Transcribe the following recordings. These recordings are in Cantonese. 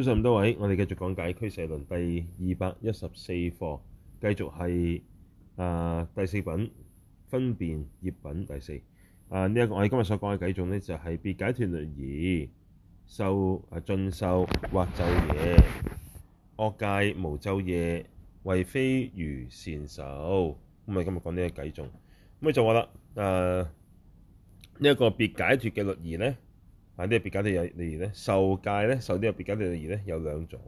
早晨，多位，我哋繼續講解俱舍論第二百一十四課，繼續係啊、呃、第四品分別業品第四啊，呢一個我哋今日所講嘅偈頌咧就係別解脫律儀壽啊，盡壽或晝夜，惡戒無晝夜，謂非如善受。咁我今日講呢個偈頌，咁佢就話啦，啊，呢一個別解脫嘅律儀咧。呢個、啊、別解脫律儀咧，受戒咧受啲別解脫律儀咧有兩種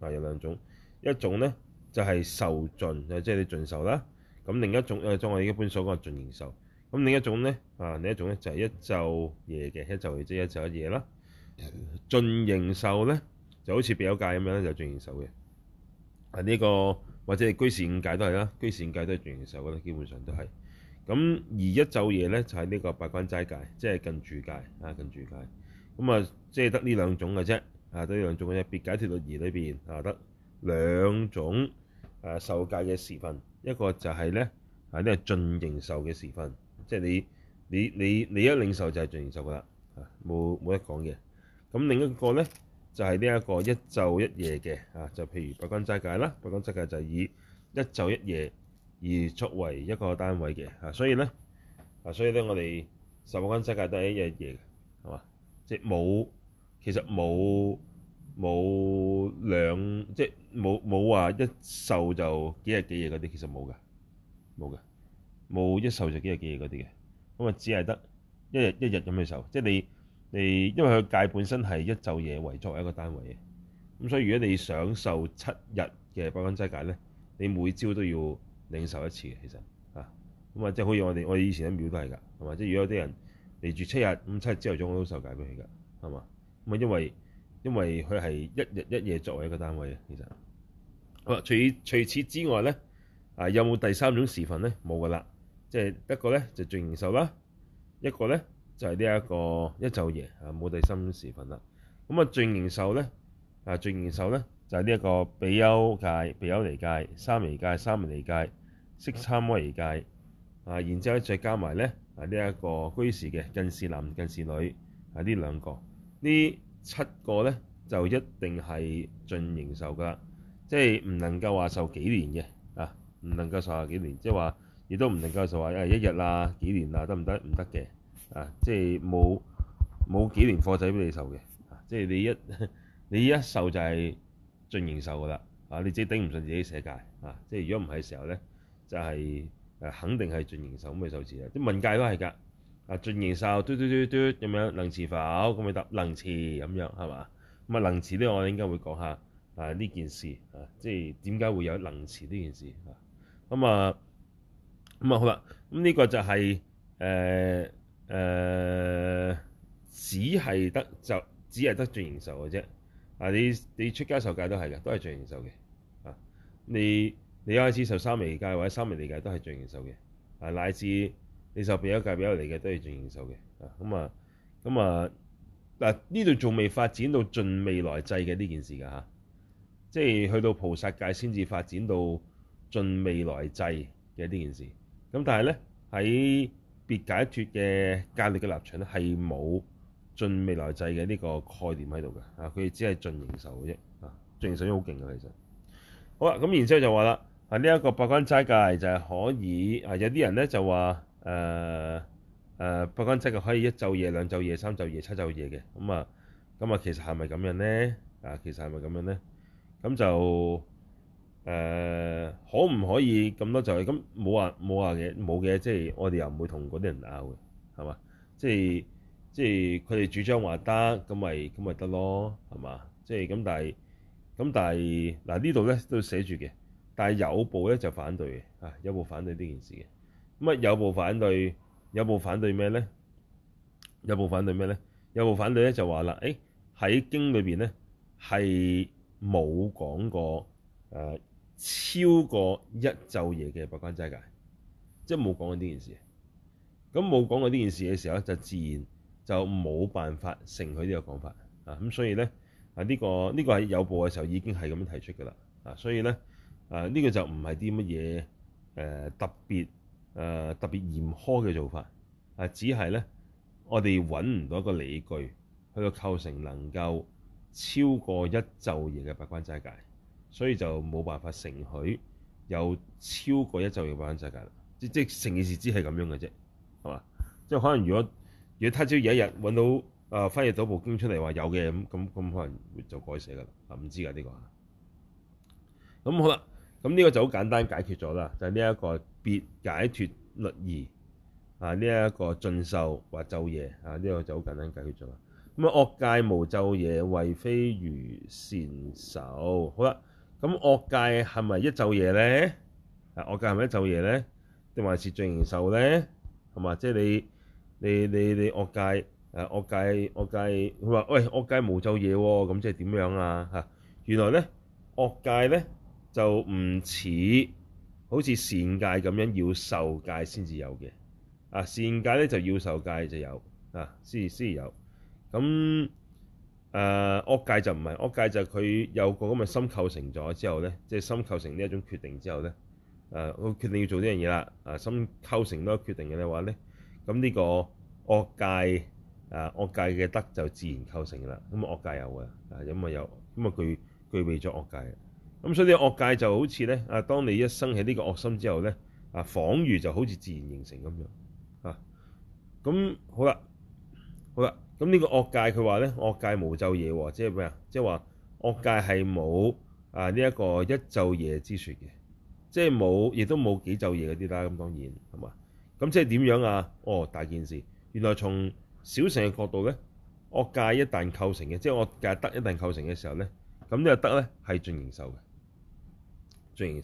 啊，有兩種。一種咧就係、是、受盡啊，即係你盡受啦。咁另一種啊，即係我哋一般所講嘅盡形壽。咁另一種咧啊，另一種咧就係、是、一晝夜嘅一晝，即係一晝一夜啦。盡形壽咧就好似別有界咁樣咧，就是、盡形壽嘅啊。呢、這個或者係居士五戒都係啦，居士五戒都係盡形壽嘅，基本上都係。咁而一晝夜咧就係、是、呢個八關齋戒，即、就、係、是、近住戒啊，近住戒。咁啊，即係得呢兩種嘅啫，啊，得呢兩種嘅啫，別解脫律儀裏邊啊，得兩種誒受戒嘅時分，一個就係咧，啊，呢個盡形受嘅時分，即係你你你你一領受就係盡形受噶啦，啊，冇冇得講嘅。咁另一個咧就係呢一個一晝一夜嘅，啊，就譬如八關齋戒啦，八關齋戒就係以一晝一夜而作為一個單位嘅，啊，所以咧啊，所以咧我哋十個關齋戒都係一日一夜。即係冇，其實冇冇兩，即係冇冇話一受就幾日幾夜嗰啲，其實冇㗎，冇㗎，冇一受就幾日幾夜嗰啲嘅。咁啊，只係得一日一日咁去受，即係你你，因為佢戒本身係一晝夜為作為一個單位嘅。咁所以如果你想受七日嘅八關齋戒咧，你每朝都要領受一次嘅，其實啊，咁啊即係好似我哋我哋以前喺廟都係㗎，係嘛？即係如果有啲人。嚟住七日，五七日之後仲我都受戒俾佢噶，係嘛？咁啊，因為因為佢係一日一夜作為一個單位啊，其實。好啦，除除此之外咧，啊有冇第三種時分咧？冇噶啦，即係一個咧就盡形壽啦，一個咧就係呢一個一晝夜啊，冇第三種時分啦。咁啊，盡形壽咧啊，盡形壽咧就係呢一個比丘戒、比丘尼戒、沙彌戒、沙彌尼戒、式叉摩尼戒。啊，然之後咧再加埋咧。啊！呢、這、一個居士嘅近事男、近事女，啊呢兩個，個呢七個咧就一定係盡形壽噶，即係唔能夠話受幾年嘅啊，唔能夠受幾年，即係話亦都唔能夠受話誒一日啊、幾年啊得唔得？唔得嘅啊，即係冇冇幾年貨仔俾你受嘅啊，即係你一你一受就係盡形壽噶啦啊！你即係頂唔順自己，自己世界啊！即係如果唔係時候咧，就係、是。誒肯定係盡形壽咁嘅受字咧，啲文界都係㗎。啊盡形壽嘟嘟嘟嘟咁樣能持否？咁咪答能持咁樣係嘛？咁啊能持呢，我哋應該會講下啊呢件事嚇、啊，即係點解會有能持呢件事嚇？咁啊咁啊，啊好啦，咁、啊、呢、這個就係誒誒只係得就只係得盡形壽嘅啫。啊你你出家受戒都係嘅，都係盡形壽嘅啊你。你一開始受三味界或者三味理解，都係盡形壽嘅，啊乃至你受比丘戒比丘尼嘅都係盡形壽嘅，啊咁啊咁啊，嗱呢度仲未發展到盡未來際嘅呢件事噶嚇、啊，即係去到菩薩戒先至發展到盡未來際嘅呢件事，咁、啊、但係咧喺別解脫嘅戒律嘅立場咧係冇盡未來際嘅呢個概念喺度嘅，啊佢只係盡形壽嘅啫，啊盡形壽已經好勁嘅其實，好啦咁然之後就話啦。啊！呢、這、一個八關齋戒就係可以啊，有啲人咧就話誒誒八關齋戒嘅可以一晝夜、兩晝夜、三晝夜、七晝夜嘅咁啊。咁啊，其實係咪咁樣咧？啊，其實係咪咁樣咧？咁就誒、啊，可唔可以咁多晝夜？咁冇話冇話嘅冇嘅，即係我哋又唔會同嗰啲人拗嘅，係嘛？即係即係佢哋主張話得咁咪咁咪得咯，係嘛？即係咁，那但係咁但係嗱、啊、呢度咧都寫住嘅。但係有部咧就反對嘅啊，有部反對呢件事嘅咁啊。有部反對，有部反對咩咧？有部反對咩咧？有部反對咧就話啦，誒、欸、喺經裏邊咧係冇講過誒、呃、超過一晝夜嘅八關齋戒，即係冇講過呢件事。咁冇講過呢件事嘅時候咧，就自然就冇辦法承許呢個講法啊。咁所以咧啊，呢、這個呢、這個係有部嘅時候已經係咁樣提出㗎啦啊，所以咧。誒呢、呃這個就唔係啲乜嘢誒特別誒、呃、特別嚴苛嘅做法，啊只係咧我哋揾唔到一個理據，佢個構成能夠超過一晝夜嘅八關齋戒所以就冇辦法承許有超過一晝夜嘅八關齋戒啦。即即成件事只係咁樣嘅啫，係嘛？即可能如果如果他朝有一日揾到誒、呃、翻譯到部經出嚟話有嘅，咁咁咁可能就改寫噶啦，唔知㗎呢、這個。咁好啦。咁呢個就好簡單解決咗啦，就係呢一個別解脫律儀啊，呢一個盡壽或晝夜啊，呢個就好簡單解決咗啦。咁啊，惡戒無晝夜，謂非如善受。好啦，咁惡戒係咪一晝夜咧？啊，惡戒係咪一晝夜咧？定還是盡形壽咧？係嘛？即係你你你你惡戒啊，惡戒惡戒，佢話喂惡戒無晝夜喎，咁即係點樣啊？嚇，原來咧惡戒咧。就唔似好似善戒咁樣要受戒先至有嘅啊，善戒咧就要受戒就有啊，先先有咁誒，惡戒就唔係惡戒就佢有個咁嘅心構成咗之後咧，即係心構成呢一種決定之後咧，誒我決定要做呢樣嘢啦，誒心構成咗決定嘅話咧，咁呢個惡戒誒惡戒嘅得就自然構成噶啦，咁惡戒有嘅啊，咁啊有咁啊具具備咗惡戒。咁所以啲惡戒就好似咧啊！當你一生起呢個惡心之後咧，啊，仿如就好似自然形成咁樣啊。咁好啦，好啦，咁呢個惡戒佢話咧，惡戒無晝夜喎，即係咩啊？即係話惡戒係冇啊呢一個一晝夜之説嘅，即係冇，亦都冇幾晝夜嗰啲啦。咁當然係嘛？咁即係點樣啊？哦，大件事，原來從小乘嘅角度咧，惡戒一旦構成嘅，即係惡戒得一旦構成嘅時候咧，咁呢個得咧係盡形壽嘅。自然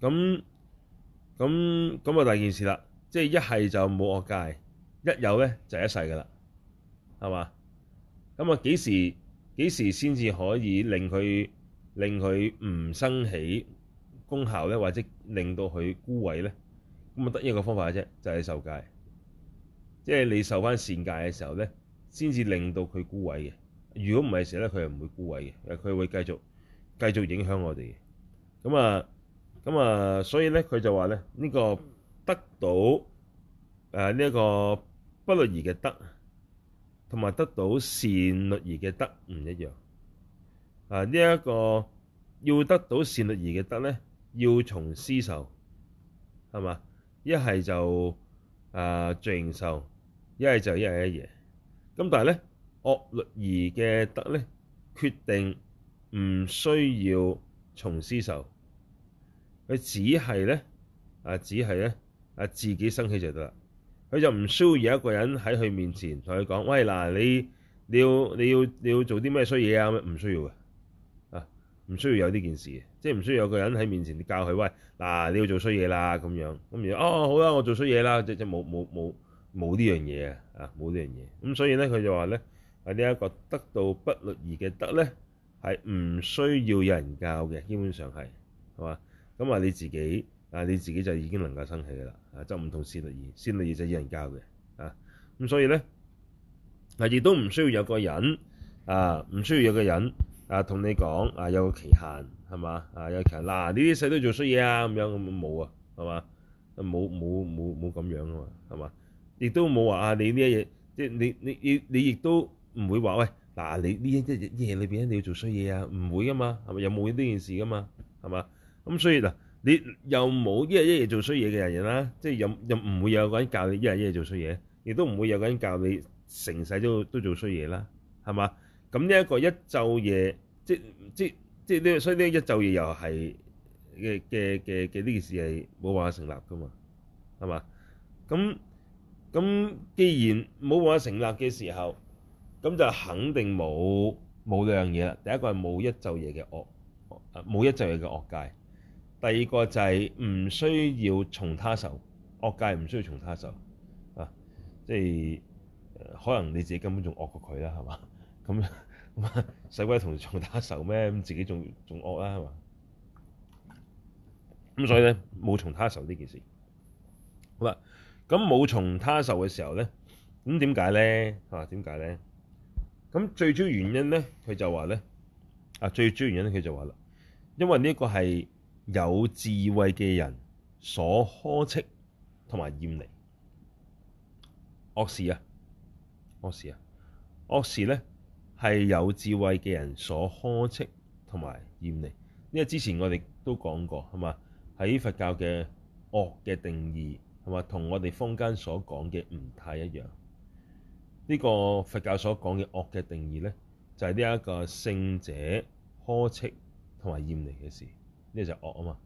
咁咁咁啊！第二件事啦，即係一係就冇惡戒，一有咧就一世噶啦，係嘛？咁啊幾時幾時先至可以令佢令佢唔生起功效咧，或者令到佢枯萎咧？咁啊，得一個方法啫，就係受戒。即係你受翻善戒嘅時候咧，先至令到佢枯萎嘅。如果唔係死時咧，佢係唔會枯萎嘅，佢會繼續繼續影響我哋。咁啊，咁啊，所以咧，佢就話咧，呢個得到誒呢一個不律儀嘅得，同埋得到善律儀嘅得唔一樣。啊，呢、這、一個要得到善律儀嘅得咧，要從師受，係嘛？一係就誒盡、啊、受，一係就一晝一夜。咁但係咧，惡律儀嘅得咧，決定唔需要從師受。佢只係咧啊，只係咧啊，自己生氣就得啦。佢就唔需要有一個人喺佢面前同佢講：喂嗱，你你要你要你要做啲咩衰嘢啊？唔需要嘅啊，唔需要有呢件事，即係唔需要有個人喺面前教佢：喂嗱，你要做衰嘢啦咁樣咁。然後哦，好啦，我做衰嘢啦，即即冇冇冇冇呢樣嘢啊，啊冇呢樣嘢。咁所以咧，佢就話咧啊，呢、這、一個得到不律儀嘅得咧，係唔需要有人教嘅，基本上係係嘛。咁啊，你自己啊，你自己就已經能夠生起噶啦，就唔同善律儀，善律儀就有人教嘅啊。咁所以咧，啊亦都唔需要有個人啊，唔需要有個人啊同你講啊有個期限係嘛啊有個期限嗱呢啲世都做衰嘢啊咁樣冇啊係嘛冇冇冇冇咁樣啊嘛係嘛，亦都冇話啊你呢啲嘢即係你你你你亦都唔會話喂嗱你呢一啲嘢裏邊你要做衰嘢啊唔會噶嘛係咪有冇呢件事噶嘛係嘛？咁所以嗱，你又冇一日一夜做衰嘢嘅人啦，即係又又唔會有個人教你一日一夜做衰嘢，亦都唔會有個人教你成世都都做衰嘢啦，係嘛？咁呢一個一晝夜，即即即呢，所以呢一晝夜又係嘅嘅嘅嘅呢件事係冇辦法成立㗎嘛，係嘛？咁咁既然冇辦法成立嘅時候，咁就肯定冇冇兩樣嘢啦。第一個係冇一晝夜嘅惡，冇一晝夜嘅惡戒。第二個就係唔需要從他受惡戒，唔需要從他受啊，即係、呃、可能你自己根本仲惡過佢啦，係嘛？咁使鬼同從他受咩？咁自己仲仲惡啦，係嘛？咁所以咧冇從他受呢件事好啦。咁冇從他受嘅時候咧，咁點解咧？嚇點解咧？咁最主要原因咧，佢就話咧啊，最主要原因佢就話啦，因為呢個係。有智慧嘅人所呵斥同埋厭離惡事啊！惡事啊！惡事咧係有智慧嘅人所呵斥同埋厭離，因為之前我哋都講過係嘛，喺佛教嘅惡嘅定義係嘛，同我哋坊間所講嘅唔太一樣。呢、這個佛教所講嘅惡嘅定義咧，就係呢一個聖者呵斥同埋厭離嘅事。呢個就惡啊嘛，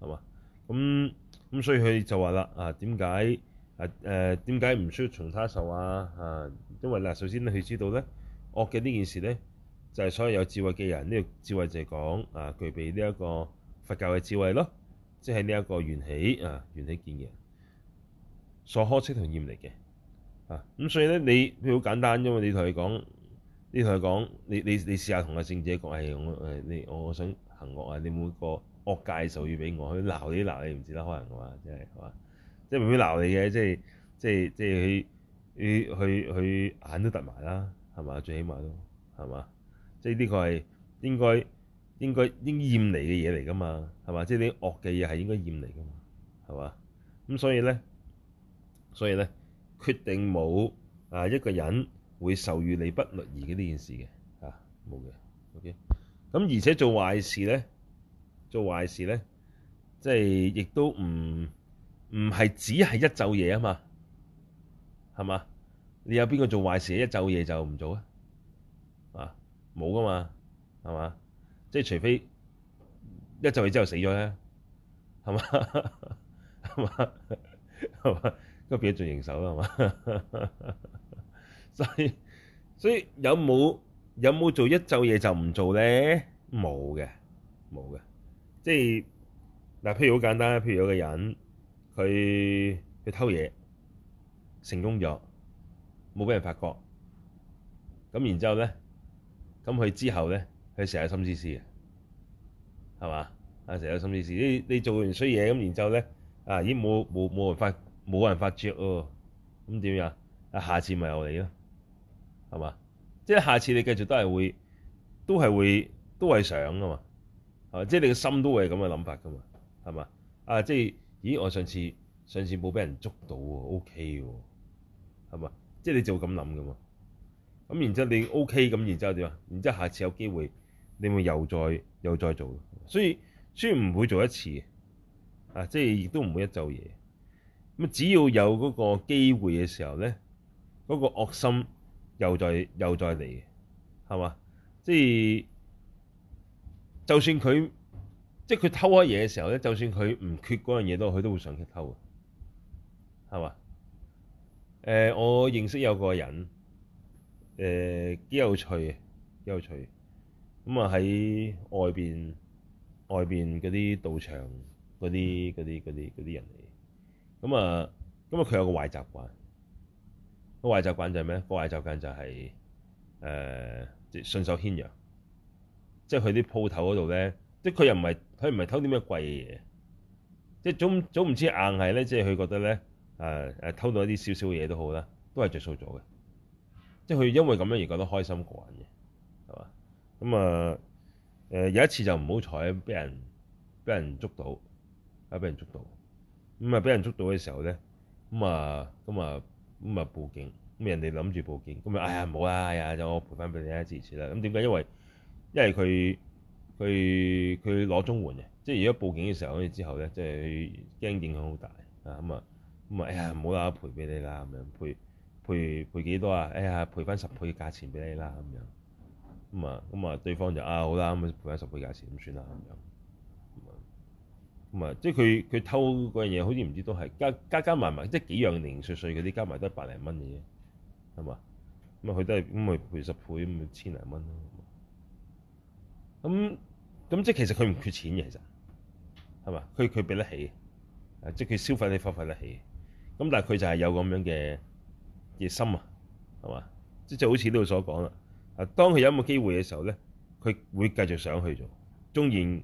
係嘛？咁咁所以佢就話啦啊，點解啊誒點解唔需要從他受啊？啊，因為嗱，首先佢知道咧惡嘅呢件事咧，就係所有有智慧嘅人，呢個智慧就係講啊，具備呢一個佛教嘅智慧咯，即係呢一個緣起啊，緣起見嘅，所呵斥同厭離嘅啊。咁所以咧，你譬如好簡單啫嘛，你同佢講，你同佢講，你你你試下同阿聖者講，係我誒，你，試試我，你我想。行惡啊！你冇個惡介紹要俾我，佢鬧你啲鬧你唔知啦，可能話即係係嘛，即係唔必鬧你嘅，即係即係即係佢佢佢佢眼都突埋啦，係嘛？最起碼都係嘛？即係呢個係應該應該應厭嚟嘅嘢嚟噶嘛，係嘛？即係啲惡嘅嘢係應該厭嚟噶嘛，係嘛？咁所以咧，所以咧，決定冇啊一個人會授予你不樂而嘅呢件事嘅嚇，冇、啊、嘅，OK。咁而且做壞事咧，做壞事咧，即係亦都唔唔係只係一晝夜啊嘛，係嘛？你有邊個做壞事一晝夜就唔做啊？啊，冇噶嘛，係嘛？即係除非一晝夜之後死咗咧，係嘛？係 嘛是吧？係 嘛是吧？都變咗做人手啦，係嘛？ 所以所以有冇？有冇做一晝夜就唔做咧？冇嘅，冇嘅。即係嗱，譬如好簡單啦。譬如有個人，佢佢偷嘢成功咗，冇俾人發覺。咁然之後咧，咁佢之後咧，佢成日心思思嘅，係嘛？啊，成日心思思。你你做完衰嘢咁，然之後咧，啊，已經冇冇冇人發冇人發著喎。咁點樣？啊，下次咪又嚟咯，係嘛？即係下次你繼續都係會，都係會，都係想噶嘛，係嘛？即係你個心都係咁嘅諗法噶嘛，係嘛？啊，即係，咦？我上次上次冇俾人捉到喎，OK 喎，係嘛？即係你就咁諗噶嘛？咁然之後你 OK 咁，然之後點啊？然之後下次有機會，你會又再又再做。所以雖然唔會做一次，啊，即係亦都唔會一晝夜。咁只要有嗰個機會嘅時候咧，嗰個惡心。又再又再嚟，係嘛？即係就算佢即係佢偷開嘢嘅時候咧，就算佢唔缺嗰樣嘢都，佢、就是、都會想去偷嘅，係嘛？誒、呃，我認識有個人，誒、呃，幾有趣嘅，幾有趣。咁啊喺外邊外邊嗰啲道場，嗰啲嗰啲嗰啲嗰啲人嚟。咁、嗯、啊，咁、嗯、啊，佢、嗯、有個壞習慣。個壞習慣就係咩？個壞習慣就係、是、誒，即、呃、順手牽羊，即係佢啲鋪頭嗰度咧，即佢又唔係佢唔係偷啲咩貴嘅嘢，即總總唔知硬係咧，即係佢覺得咧，誒誒偷到一啲少少嘢都好啦，都係着數咗嘅，即係佢因為咁樣而覺得開心過癮嘅，係嘛？咁啊誒、呃、有一次就唔好彩俾人俾人捉到，啊俾人捉到，咁啊俾人捉到嘅時候咧，咁啊咁啊。咁啊報警，咁人哋諗住報警，咁啊哎呀唔好啦，哎呀就我賠翻俾你一次啦。咁點解？因為因為佢佢佢攞綜援嘅，即係如果報警嘅時候，跟住之後咧，即係驚影響好大啊。咁啊咁啊，哎呀唔好啦，賠俾你啦咁樣，賠賠賠幾多啊？哎呀賠翻十倍嘅價錢俾你啦咁樣。咁啊咁啊，對方就啊好啦，咁啊賠翻十倍價錢咁算啦咁樣。咁啊，即係佢佢偷嗰樣嘢，好似唔知都係加加加埋埋，即係幾樣零碎碎嗰啲加埋都係百零蚊嘅啫，係嘛？咁啊佢都係咁啊倍十倍咁啊千零蚊咯。咁咁即係其實佢唔缺錢嘅，其實係嘛？佢佢俾得起，啊即係佢消費你發奮得起。咁但係佢就係有咁樣嘅熱心啊，係嘛？即即係好似呢度所講啦。當佢有冇個機會嘅時候咧，佢會繼續上去做，縱然。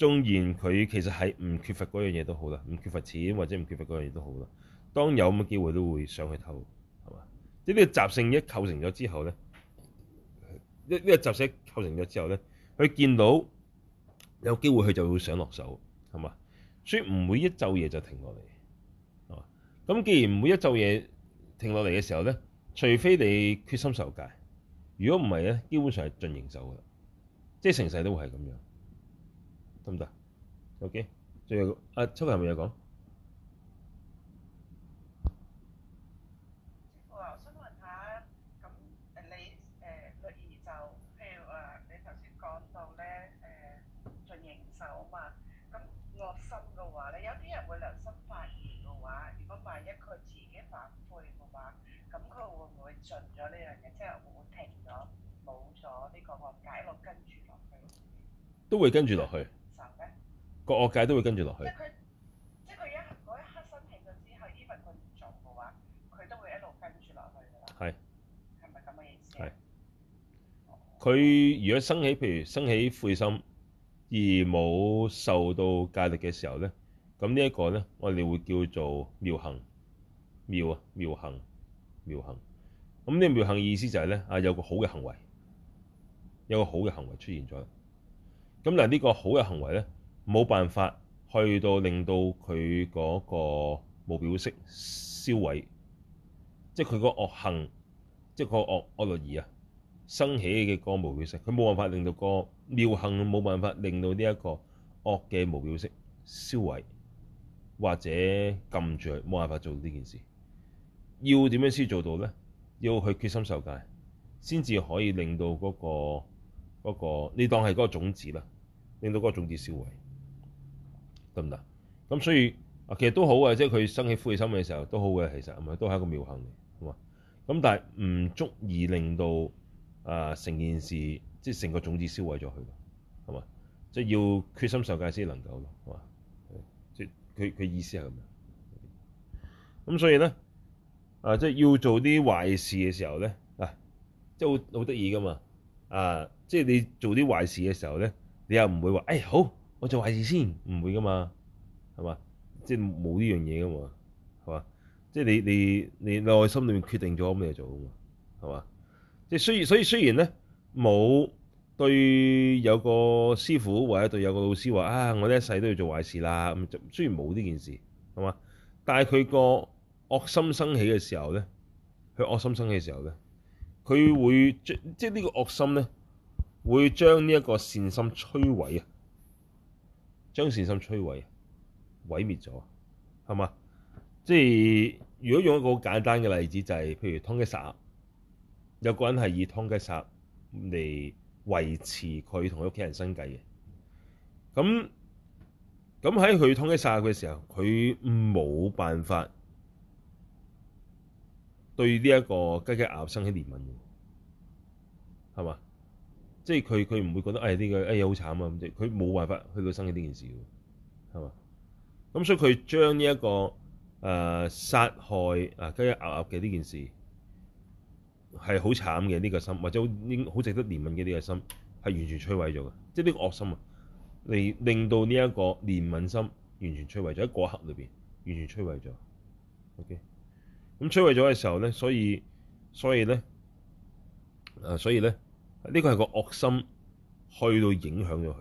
縱然佢其實係唔缺乏嗰樣嘢都好啦，唔缺乏錢或者唔缺乏嗰樣嘢都好啦，當有咁嘅機會都會上去偷，係嘛？即係呢個習性一構成咗之後咧，一、這、呢個習性構成咗之後咧，佢見到有機會佢就會想落手，係嘛？所以唔會一晝夜就停落嚟，係嘛？咁既然唔會一晝夜停落嚟嘅時候咧，除非你決心受戒，如果唔係咧，基本上係盡形壽噶啦，即係成世都會係咁樣。咁啊，OK，仲有啊，請問下咪要講？師傅啊，想問下咁誒，你誒律儀就譬如話你頭先講到咧誒，進行手啊嘛，咁惡心嘅話咧，有啲人會良心發現嘅話，如果萬一佢自己反悔嘅話，咁佢會唔會盡咗呢樣嘢，即係會唔會停咗冇咗呢個惡解落跟住落去？都會跟住落去。個惡戒都會跟住落去，即係佢，即係佢一嗰一刻申請嗰啲係呢份個業狀嘅話，佢都會一路跟住落去嘅啦。係係咪咁嘅意思？係佢如果生起譬如生起悔心而冇受到戒力嘅時候咧，咁呢一個咧，我哋會叫做妙行妙啊妙行妙行。咁呢個妙行意思就係咧，啊有個好嘅行為，有個好嘅行為出現咗。咁嗱，呢個好嘅行為咧。冇辦法去到令到佢嗰個無表色消毀，即係佢個惡行，即係個惡惡惡業啊生起嘅個無表色，佢冇辦法令到個妙行，冇辦法令到呢一個惡嘅無表色消毀，或者撳住佢，冇辦法做呢件事，要點樣先做到咧？要去決心受戒，先至可以令到嗰、嗰個、嗰個、你當係嗰個種子啦，令到嗰個種子消毀。得唔得？咁所以啊，其實都好嘅，即係佢生起灰心嘅時候都好嘅，其實係咪？都係一個妙行嚟，係嘛？咁但係唔足以令到啊成、呃、件事，即係成個種子燒毀咗佢，係嘛？即係要決心受戒先能夠咯，係嘛？即係佢佢意思係咁樣。咁所以咧、呃、啊，即係要做啲壞事嘅時候咧嗱，即係好好得意㗎嘛啊！即係你做啲壞事嘅時候咧，你又唔會話誒、哎、好。我做壞事先唔會㗎嘛，係嘛？即係冇呢樣嘢㗎嘛，係嘛？即係你你你內心裏面決定咗咁嚟做㗎嘛，係嘛？即係雖然所以雖然咧冇對有個師傅或者對有個老師話啊，我呢一世都要做壞事啦咁。雖然冇呢件事，係嘛？但係佢個惡心生起嘅時候咧，佢惡心生起嘅時候咧，佢會會將即係呢個惡心咧，會將呢一個善心摧毀啊！將善心摧毀、毀滅咗，係嘛？即係如果用一個好簡單嘅例子，就係、是、譬如劏雞殺鴨，有個人係以劏雞殺嚟維持佢同佢屋企人生計嘅，咁咁喺佢劏雞殺鴨嘅時候，佢冇辦法對呢一個雞雞鴨生起憐憫，係嘛？即係佢佢唔會覺得誒呢、哎呢個誒嘢好慘啊！咁即佢冇辦法去到生起呢件事，係嘛咁？所以佢將呢一個誒、呃、殺害啊雞鴨鴨嘅呢件事係好慘嘅呢個心，或者應好值得憐憫嘅呢個心係完全摧毀咗嘅，即係呢個惡心啊，嚟令到呢一個憐憫心完全摧毀咗喺嗰刻裏邊，完全摧毀咗。OK，咁摧毀咗嘅時候咧，所以所以咧誒，所以咧。呢個係個惡心，去到影響咗佢。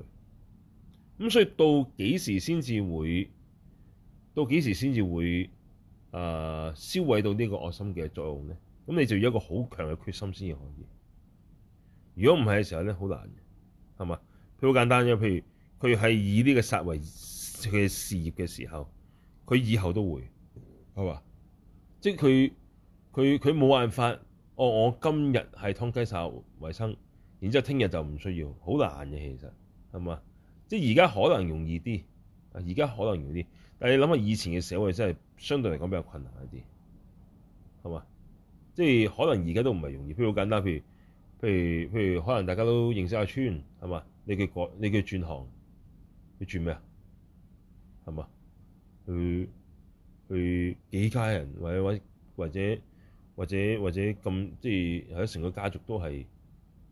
咁所以到幾時先至會？到幾時先至會？啊、呃，燒毀到呢個惡心嘅作用咧？咁你就要一個好強嘅決心先至可以。如果唔係嘅時候咧，好難嘅，係嘛？佢好簡單啫。譬如佢係以呢個殺為佢嘅事業嘅時候，佢以後都會係嘛？即係佢佢佢冇辦法。哦，我今日係劏雞殺鴨為生。然之後聽日就唔需要，好難嘅其實的，係嘛？即係而家可能容易啲，而家可能容易啲。但係你諗下以前嘅社會真係相對嚟講比較困難一啲，係嘛？即係可能而家都唔係容易。譬如好簡單，譬如譬如譬如，譬如譬如可能大家都認識一下村，係嘛？你叫你叫轉行，你轉咩啊？係嘛？去去幾家人，或者或者或者或者或者咁，即係喺成個家族都係，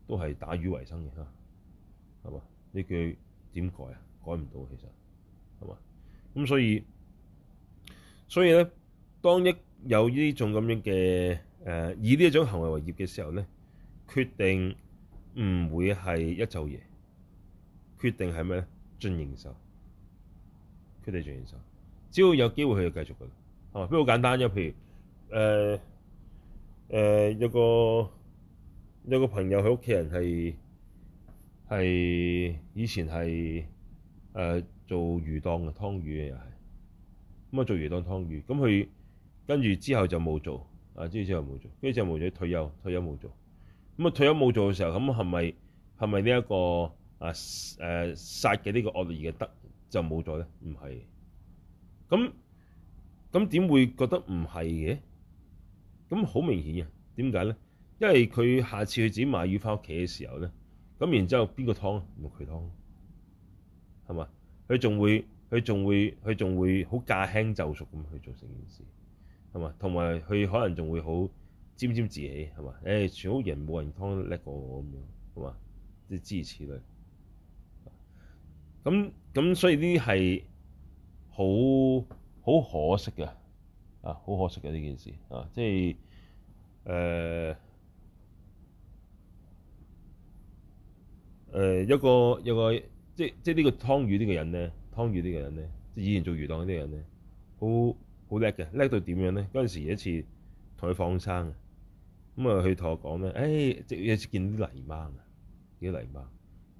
都係打魚為生嘅嚇，係嘛？呢句點改啊？改唔到其實係嘛？咁所以所以咧，當有一有呢種咁樣嘅誒、呃，以呢一種行為為業嘅時候咧，決定唔會係一晝夜，決定係咩咧？盡形壽，決定盡形壽，只要有機會，佢就繼續嘅，係嘛？比較簡單啫，譬如誒誒一個。呃呃有個朋友佢屋企人係係以前係誒、呃、做魚檔嘅劏魚嘅，又係咁啊，做魚檔劏魚，咁佢跟住之後就冇做啊，之後之後冇做，跟住就冇咗退休，退休冇做咁啊，退休冇做嘅時候，咁係咪係咪呢一個啊誒殺嘅呢個惡劣嘅德就冇咗咧？唔係咁，咁點會覺得唔係嘅？咁好明顯啊？點解咧？因為佢下次佢自己買魚翻屋企嘅時候咧，咁然之後邊個湯啊？唔係佢湯，係嘛？佢仲會佢仲會佢仲會好駕輕就熟咁去做成件事，係嘛？同埋佢可能仲會好沾沾自喜，係嘛？誒、哎，全屋人冇人湯叻過我咁樣，係嘛？係支持佢。咁咁所以呢啲係好好可惜嘅，啊，好可惜嘅呢件事啊，即係誒。呃誒、呃、有一個有個即即呢個湯魚呢個人咧，湯魚呢個人咧，即以前做魚檔嗰啲人咧，好好叻嘅，叻到點樣咧？嗰陣時有一次同佢放生，咁啊佢同我講咧，誒、哎、即有一次見啲泥蜢啊，見啲泥蜢，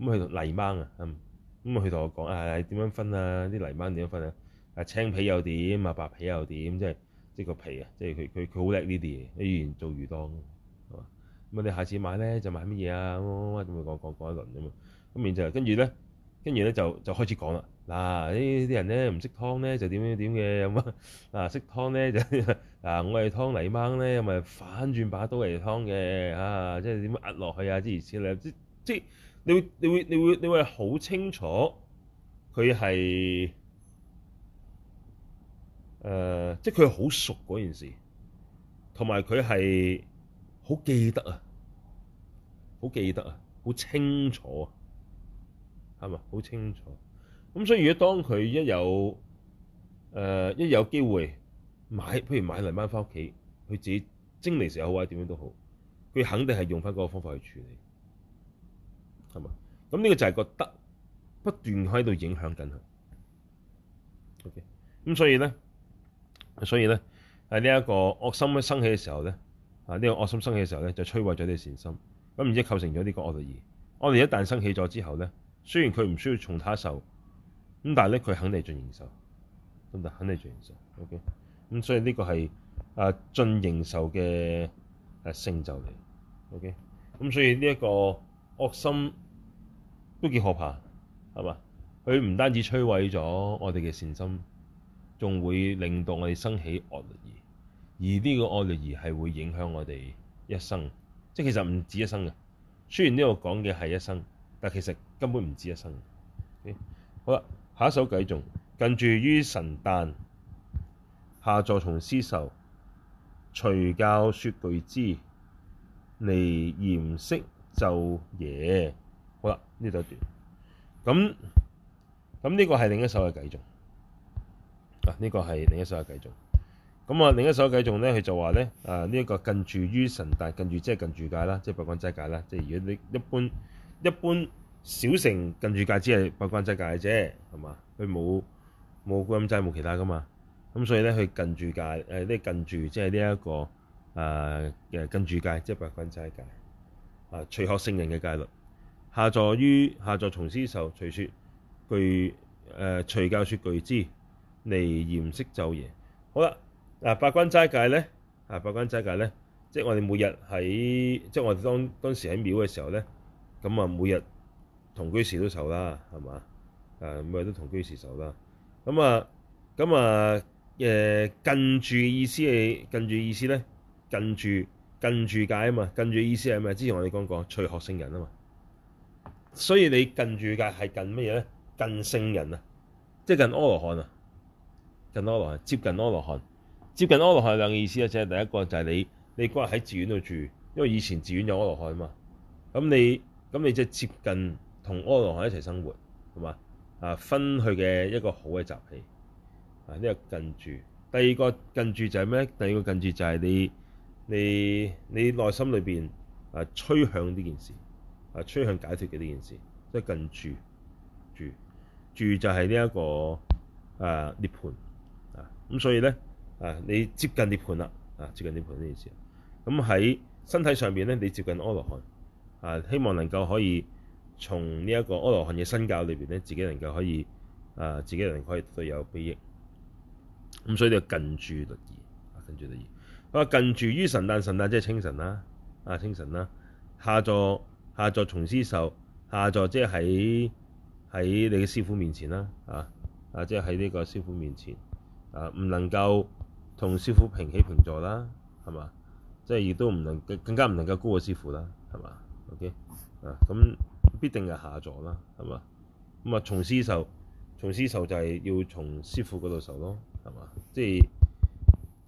咁啊泥蜢啊，嗯，咁啊佢同我講啊，點樣分啊？啲泥蜢點樣分啊？啊青皮又點？啊白皮又點？即即個皮啊，即佢佢佢好叻呢啲嘢，以前做魚檔。咁你下次買咧就買乜嘢啊？咁樣咁樣講講講一輪啫嘛。咁然之後跟住咧，跟住咧就就，就開始講啦。嗱，呢啲人咧唔識劏咧就點點點嘅咁乜？啊，呢劏呢點樣點樣啊，啊識劏咧就啊我係劏泥鰍咧，咁咪反轉把刀嚟劏嘅啊！即係點樣壓落去啊之類之類之即係你會你會你會你會好清楚佢係誒，即係佢好熟嗰件事，同埋佢係。好記得啊，好記得啊，好清楚啊，係嘛？好清楚。咁所以如果當佢一有誒、呃、一有機會買，譬如買嚟翻翻屋企，佢自己精嚟食候或者怎好，點樣都好，佢肯定係用翻嗰個方法去處理，係嘛？咁呢個就係覺得不斷喺度影響緊佢。Ok，咁所以咧，所以咧喺呢一、這個惡心嘅生起嘅時候咧。啊！呢個惡心生起嘅時候咧，就摧毀咗你嘅善心，咁然之後構成咗呢個惡念。惡念一旦生起咗之後咧，雖然佢唔需要從他受，咁但係咧佢肯定盡形壽，咁就肯定盡形壽。OK，咁所以呢個係啊盡形壽嘅、啊、成就嚟。OK，咁所以呢一個惡心都幾可怕，係嘛？佢唔單止摧毀咗我哋嘅善心，仲會令到我哋生起惡念。而呢個惡律儀係會影響我哋一生，即係其實唔止一生嘅。雖然呢個講嘅係一生，但其實根本唔止一生。Okay? 好啦，下一首偈頌，近住於晨旦，下座從師受，隨教説具支、離嚴飾晝夜。好啦，呢度一段。咁咁呢個係另一首嘅偈頌啊，呢、這個係另一首嘅偈頌。咁啊、嗯，另一首偈仲咧，佢就話咧，啊呢一、這個近住於晨旦，但近住即係近住戒啦，即係八關齋戒啦。即係如果你一般一般小城近住戒，只白界，只係八關齋戒啫，係嘛？佢冇冇高音齋，冇其他噶嘛。咁所以咧，佢近住戒，誒、啊，呢近住即係呢一個誒嘅、啊、近住戒，即係八關齋戒。啊，隨學聖人嘅戒律，下座於下座從師受，隨説具誒隨教説具支，離嚴飾晝夜。好啦。嗱，八關齋戒咧，啊，八關齋戒咧，即係我哋每日喺，即係我哋當當時喺廟嘅時候咧，咁啊，每日同居士都受啦，係嘛？誒，每日都同居士受啦。咁啊，咁啊，誒近住意思係近住意思咧，近住近住戒啊嘛，近住意思係咩？之前我哋講過，隨學聖人啊嘛，所以你近住戒係近乜嘢咧？近聖人啊，即係近阿羅漢啊，近阿羅漢，接近阿羅漢。接近阿羅漢嘅意思咧，即係第一個就係你你個人喺寺院度住，因為以前寺院有阿羅漢啊嘛。咁你咁你即係接近同阿羅漢一齊生活，係嘛啊？分去嘅一個好嘅習氣啊，呢、這個近住。第二個近住就係咩咧？第二個近住就係你你你內心裏邊啊，趨向呢件事啊，趨向解脫嘅呢件事，即、就、係、是、近住住住就係呢一個啊涅盤啊。咁、啊、所以咧。啊！你接近涅槃啦，啊！接近涅槃呢件事，咁、啊、喺身體上邊咧，你接近阿羅漢，啊！希望能夠可以從呢一個阿羅漢嘅身教裏邊咧，自己能夠可以啊，自己能可以對有裨益，咁、啊、所以你就近住律儀、啊，近住律儀。佢、啊、話近住於晨旦，晨旦即係清晨啦、啊，啊清晨啦、啊，下座下座從師受，下座即係喺喺你師父面前啦、啊，啊啊即係喺呢個師父面前，啊唔能夠。同師父平起平坐啦，係嘛？即係亦都唔能更更加唔能夠高過師父啦，係嘛？OK 啊，咁、嗯、必定係下座啦，係嘛？咁、嗯、啊，從師受，從師受就係要從師父嗰度受咯，係嘛？即係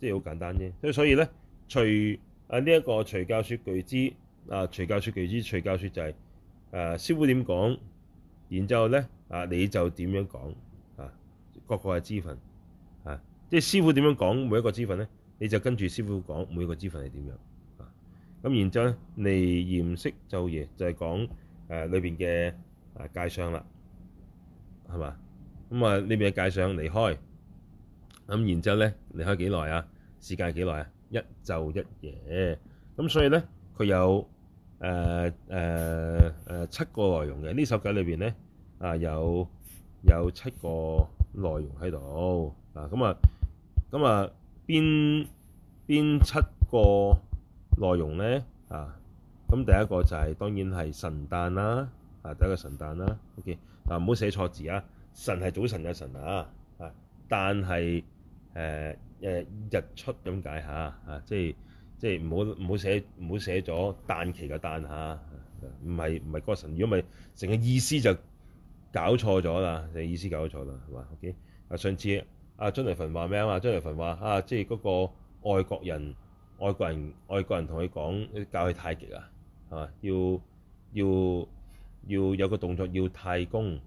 即係好簡單啫。所以咧，隨啊呢一、這個隨教説具支啊，隨教説具支，隨教説就係、是、誒、啊、師父點講，然之後咧啊你就點樣講啊？各個個係知份。即係師傅點樣講每一個支分咧？你就跟住師傅講每一個支分係點樣的啊？咁然之後咧，你嚴飾晝夜就夜就係講誒裏邊嘅誒界相啦，係嘛？咁啊呢邊嘅界相離開，咁、啊、然之後咧離開幾耐啊？時間幾耐啊？一晝一夜，咁、啊、所以咧佢有誒誒誒七個內容嘅呢首偈裏邊咧啊有有七個內容喺度啊咁啊。啊啊啊咁啊，邊邊七個內容咧啊？咁第一個就係、是、當然係晨旦啦，啊，第一個晨旦啦。O.K. 啊，唔好寫錯字啊。晨係早晨嘅晨啊，啊，但係、呃呃、日出點解下，啊，即係即係唔好唔好寫唔好寫咗旦期嘅旦下，唔係唔係嗰個神，如果唔係成個意思就搞錯咗啦，意思搞錯啦，係嘛？O.K. 啊，上次。阿張黎憤話咩啊嘛？張黎憤話啊，即係嗰個外國人，外國人，外國人同佢講教佢太極啊，係嘛？要要要有個動作，要太公，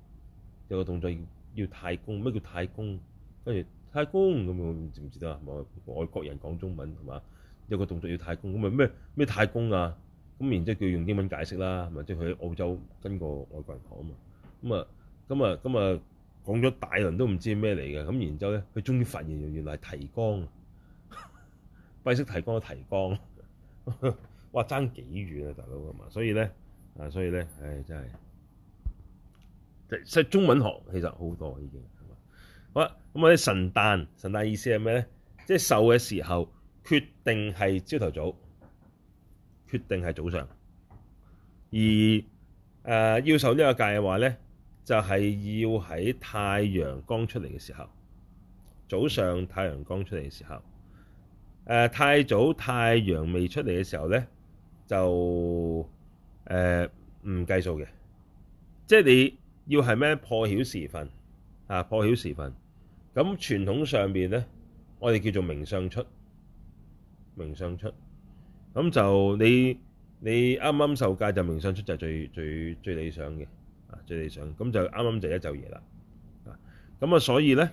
有個動作要太公。咩叫太公？跟住太公咁樣，知唔知得啊？外外國人講中文係嘛？有個動作要太公咁咪咩咩太公啊？咁然之後佢用英文解釋啦，即者佢喺澳洲跟個外國人講啊嘛。咁啊，咁啊，咁啊。講咗大輪都唔知咩嚟嘅，咁然之後咧，佢終於發現原來提綱，費識提綱嘅提綱，哇爭幾遠啊大佬咁嘛，所以咧啊，所以咧，唉、哎、真係，即係中文學其實好多已經多，好啦，咁我哋晨旦，晨旦意思係咩咧？即、就、係、是、受嘅時候決，決定係朝頭早，決定係早上，而誒、呃、要受呢個個戒嘅話咧。就係要喺太陽剛出嚟嘅時候，早上太陽剛出嚟嘅時候，誒、呃、太早太陽未出嚟嘅時候咧，就誒唔、呃、計數嘅。即係你要係咩破曉時分啊？破曉時分，咁傳統上邊咧，我哋叫做明相出，明相出，咁就你你啱啱受戒就明相出就係最最最理想嘅。最理想咁就啱啱就一晝夜啦，啊咁啊所以咧，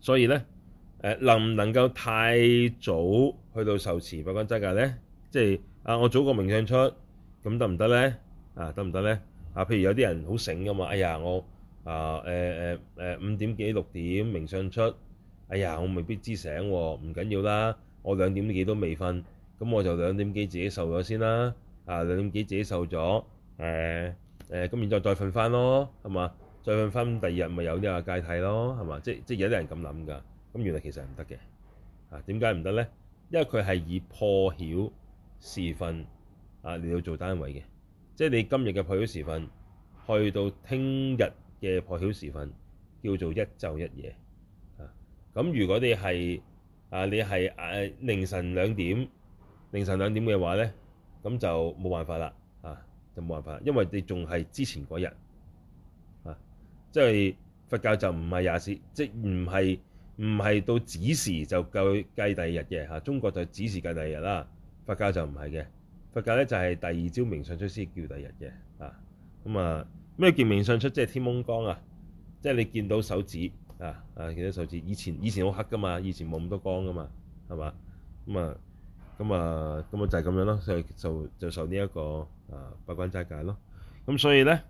所以咧，誒能唔能夠太早去到受持八關齋戒咧？即係啊，我早過明相出咁得唔得咧？啊得唔得咧？啊，譬如有啲人好醒噶嘛，哎呀我啊誒誒誒五點幾六點明相出，哎呀我未必知醒喎，唔緊要啦，我兩點幾都未瞓，咁我就兩點幾自己受咗先啦，啊兩點幾自己受咗，誒。咁，現在再瞓翻咯，係嘛？再瞓翻，第二日咪有啲啊階體咯，係嘛？即即有啲人咁諗㗎。咁原來其實唔得嘅。點解唔得咧？因為佢係以破曉時分啊要做單位嘅。即你今日嘅破曉時分，去到聽日嘅破曉時分，叫做一晝一夜。咁如果你係啊，你係誒凌晨兩點，凌晨兩點嘅話咧，咁就冇辦法啦。就冇辦法，因為你仲係之前嗰日啊，即係佛教就唔係廿四，即唔係唔係到子時就計計第二日嘅嚇。中國就子時計第二日啦，佛教就唔係嘅。佛教咧就係第二朝明信出先叫第二日嘅啊。咁啊咩？你見明信出即係天蒙光啊，即係你見到手指啊啊，見到手指。以前以前好黑噶嘛，以前冇咁多光噶嘛，係嘛咁啊。咁啊，咁啊就係咁樣咯，受受就受呢一個啊八關齋戒咯。咁所以咧，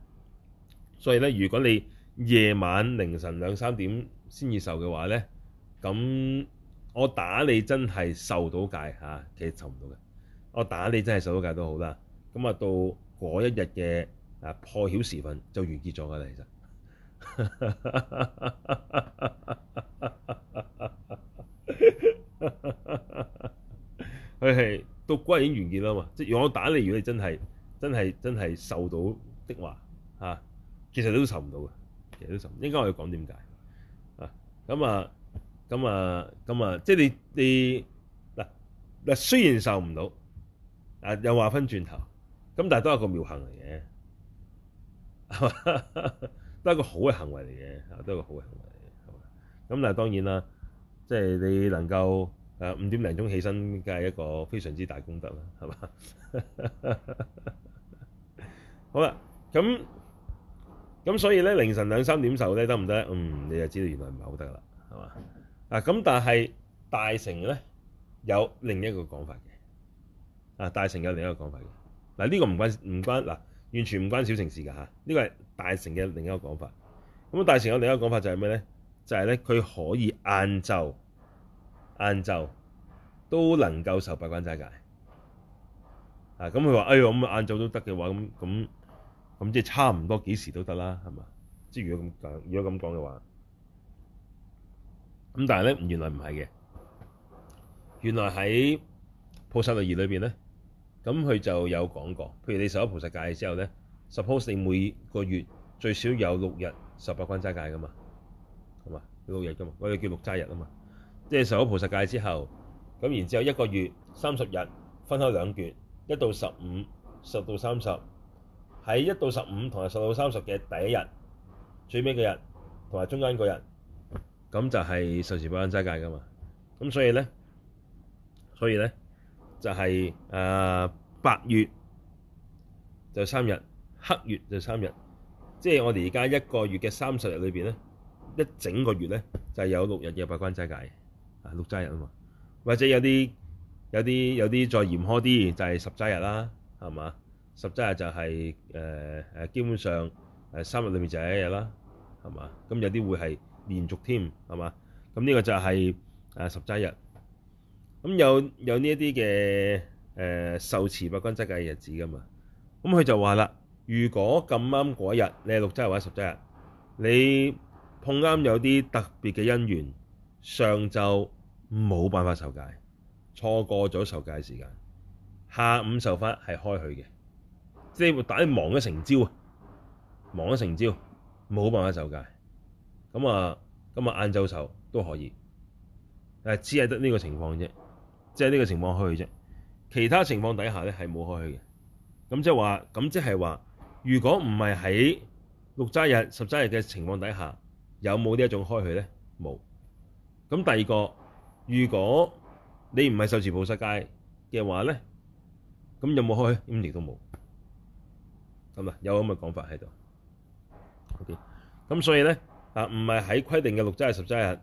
所以咧，如果你夜晚凌晨兩三點先至受嘅話咧，咁我打你真係受到戒嚇、啊，其實受唔到嘅。我打你真係受到戒都好啦。咁啊，到嗰一日嘅啊破曉時分就完結咗㗎啦，其實。佢係骨骨已經完結啦嘛，即係用我打你。如果你真係真係真係受到的話，嚇、啊，其實都受唔到嘅，其實都受唔到。應該我要講點解啊？咁啊，咁啊，咁啊，即係你你嗱嗱、啊，雖然受唔到啊，又話翻轉頭，咁但係都係個妙行嚟嘅，係嘛，都係個好嘅行為嚟嘅，啊，都係個好嘅行為，係、啊、嘛？咁嗱，啊、但當然啦，即係你能夠。誒五點零鐘起身，梗係一個非常之大功德啦，係嘛？ 好啦，咁咁所以咧，凌晨兩三點受咧得唔得？嗯，你就知道原來唔係好得啦，係嘛？嗱、啊，咁但係大乘咧有另一個講法嘅，啊，大乘有另一個講法嘅。嗱、啊，呢、這個唔關唔關嗱、啊，完全唔關小乘事㗎嚇。呢、啊這個係大乘嘅另一個講法。咁、啊、大乘有另一個講法就係咩咧？就係咧，佢可以晏晝。晏晝都能夠受八關齋戒，啊咁佢話：哎呦，咁晏晝都得嘅話，咁咁咁即係差唔多幾時都得啦，係嘛？即係如果咁講，如果咁講嘅話，咁但係咧原來唔係嘅，原來喺《來菩薩律儀》裏面咧，咁佢就有講過，譬如你受咗菩薩戒之後咧，suppose 你每個月最少有六日受八關齋戒噶嘛，係嘛？六日噶嘛，我哋叫六齋日啊嘛。即係受咗菩薩戒之後，咁然之後一個月三十日分開兩段，一到十五、十到三十。喺一到十五同埋十到三十嘅第一日、最尾嘅日同埋中間嗰日，咁就係受持八關齋戒噶嘛。咁所以咧，所以咧就係誒白月就三日，黑月就三日，即係我哋而家一個月嘅三十日裏面咧，一整個月咧就係、是、有六日嘅八關齋戒。六齋日啊嘛，或者有啲有啲有啲再嚴苛啲就係十齋日啦，係嘛？十齋日就係誒誒，基本上誒三日裏面就係一日啦，係嘛？咁有啲會係連續添，係嘛？咁呢個就係誒十齋日，咁有有呢一啲嘅誒受持八關齋嘅日子噶嘛。咁佢就話啦，如果咁啱嗰日你係六齋日或者十齋日，你碰啱有啲特別嘅因緣，上晝，冇辦法受戒，錯過咗受戒時間。下午受法係開許嘅，即係大家忙咗成朝啊，忙咗成朝，冇辦法受戒。咁啊，咁啊，晏晝受都可以，誒，只係得呢個情況啫，即係呢個情況開許啫。其他情況底下咧係冇開許嘅。咁即係話，咁即係話，如果唔係喺六齋日、十齋日嘅情況底下，有冇呢一種開許咧？冇。咁第二個。如果你唔係受持菩薩戒嘅話咧，咁有冇去？咁亦都冇咁啊。有咁嘅講法喺度。Ok，咁，所以咧啊，唔係喺規定嘅六齋日、十齋日，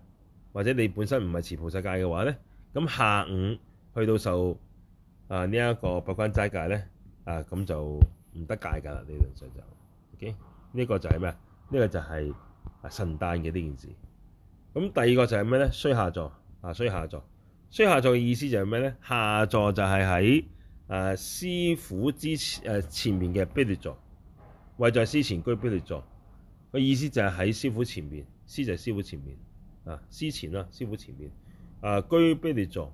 或者你本身唔係持菩薩戒嘅話咧，咁下午去到受啊呢一、這個八關齋戒咧啊，咁就唔得戒㗎啦。理論上就 OK。呢個就係咩啊？呢、okay? 個就係啊晨旦嘅呢件事。咁第二個就係咩咧？須下座。啊，所以下座，所以下座嘅意思就係咩咧？下座就係喺誒師父之誒前、呃、前面嘅卑劣座，謂在師前居卑劣座。個意思就係喺師父前面，師就係師父前面啊，師前啦，師父前面啊、呃，居卑劣座，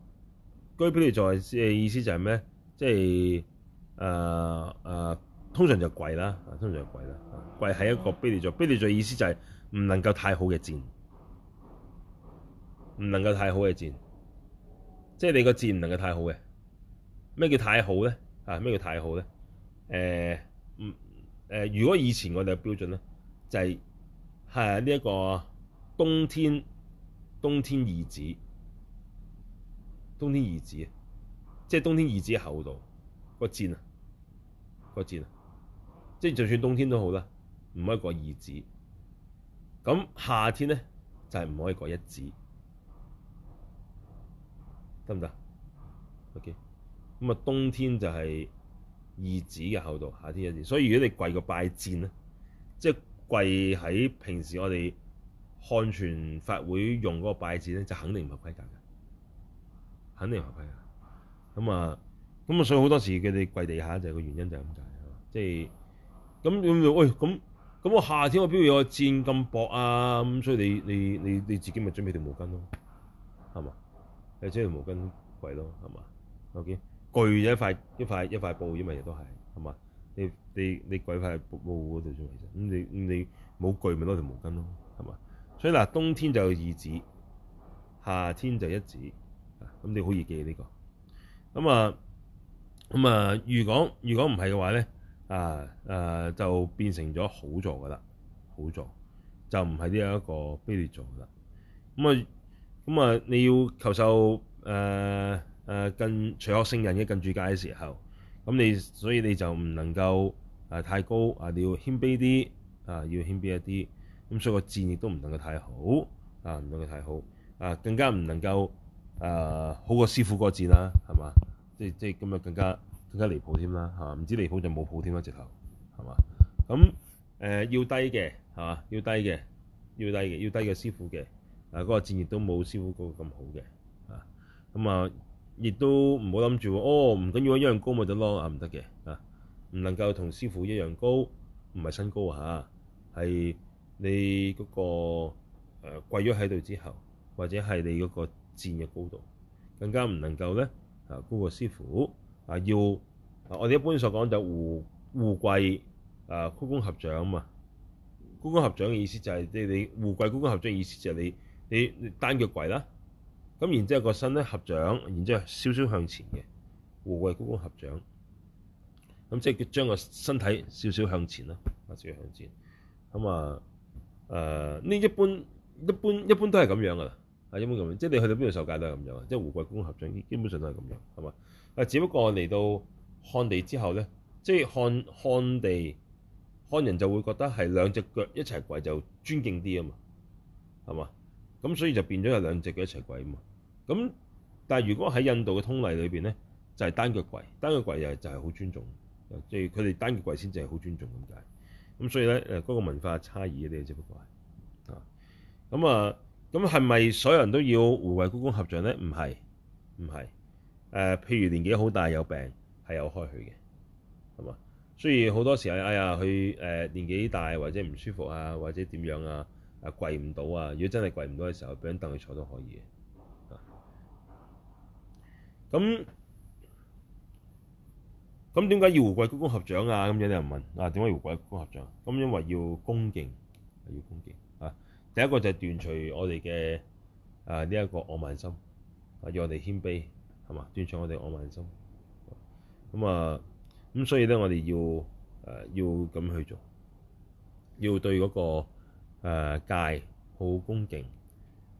居卑劣座嘅意思就係咩？即係誒誒，通常就跪啦、啊，通常就跪啦，跪、啊、喺一個卑劣座，卑劣座意思就係唔能夠太好嘅戰。唔能夠太好嘅氈，即係你個氈唔能夠太好嘅。咩叫太好咧？啊，咩叫太好咧？誒，嗯誒，如果以前我哋嘅標準咧，就係係呢一個冬天冬天，二指冬天二指，即係冬天二指厚度個氈啊個氈啊，即係就算冬天都好啦，唔可以過二指。咁夏天咧就係唔可以過一指。得唔得？OK。咁啊，冬天就係二指嘅厚度，夏天一指。所以如果你跪個拜箭咧，即係跪喺平時我哋漢傳法會用嗰個拜箭咧，就肯定唔合規格嘅，肯定唔合規格啊。咁啊，咁啊，所以好多時佢哋跪地下就係個原因就係咁解，即係咁咁，喂咁咁，我夏天我邊度有個箭咁薄啊？咁所以你你你你自己咪準備條毛巾咯，係嘛？誒，即係條毛巾攰咯，係嘛？OK，攰咗一塊一塊一塊布，因咪亦都係，係嘛？你你你鬼塊布冇嗰度先係，咁你你冇攰咪攞條毛巾咯，係嘛？所以嗱、呃，冬天就二指，夏天就一指。啊，咁你好易記呢、呢個。咁啊，咁、呃、啊、呃，如果如果唔係嘅話咧，啊、呃呃、就變成咗好座噶啦，好座就唔係呢一個卑劣座啦。咁啊～咁啊，你要求受誒誒近隨學聖人嘅近住戒嘅時候，咁你所以你就唔能夠誒、呃、太高啊，你要謙卑啲啊，要謙卑一啲。咁所以個座亦都唔能夠太好啊，唔能夠太好啊，更加唔能夠誒、呃、好過師傅個座啦，係嘛？即即咁啊，樣更加更加離譜添啦，係唔知離譜就冇譜添啦，直頭係嘛？咁誒要低嘅係嘛？要低嘅，要低嘅，要低嘅師傅嘅。啊！嗰個氈亦都冇師傅嗰個咁好嘅。啊咁啊，亦都唔好諗住哦，唔緊要一樣高咪得咯。啊唔得嘅，啊唔能夠同師傅一樣高，唔係身高啊，係你嗰個跪咗喺度之後，或者係你嗰個氈嘅高度，更加唔能夠咧嚇高過師傅啊，要啊我哋一般所講就胡胡跪，啊曲躬合掌啊嘛，曲躬合掌嘅意思就係你你胡跪曲躬合掌嘅意思就係你。你單腳跪啦，咁然之後個身咧合掌，然之後少少向前嘅胡跪曲躬合掌，咁即係叫將個身體少少向前啦，少少向前咁啊誒呢一般一般一般都係咁樣噶啦，一般咁樣，即係你去到邊度受戒都係咁樣的，即係胡跪曲躬合掌，基本上都係咁樣的，係嘛？啊，只不過嚟到漢地之後咧，即係漢漢地漢人就會覺得係兩隻腳一齊跪就尊敬啲啊嘛，係嘛？咁所以就變咗有兩隻腳一齊跪啊嘛，咁但係如果喺印度嘅通例裏邊咧，就係、是、單腳跪，單腳跪又就係好尊重，即係佢哋單腳跪先至係好尊重咁解。咁所以咧，誒嗰個文化差異嗰啲只不過係啊，咁啊，咁係咪所有人都要胡跪曲躬合掌咧？唔係，唔係，誒譬如年紀好大有病係有開許嘅，係嘛？所以好多時係哎呀，佢誒年紀大或者唔舒服啊，或者點樣啊？啊跪唔到啊！如果真係跪唔到嘅時候，俾人凳佢坐都可以。啊，咁咁點解要胡跪曲躬合掌啊？咁有啲人問啊，點解要胡跪曲躬合掌？咁、啊、因為要恭敬，要恭敬啊。第一個就係斷除我哋嘅啊呢一、這個傲慢心，啊要我哋謙卑係嘛，斷除我哋傲慢心。咁啊，咁所以咧，我哋要誒、啊、要咁去做，要對嗰、那個。誒戒、啊、好恭敬，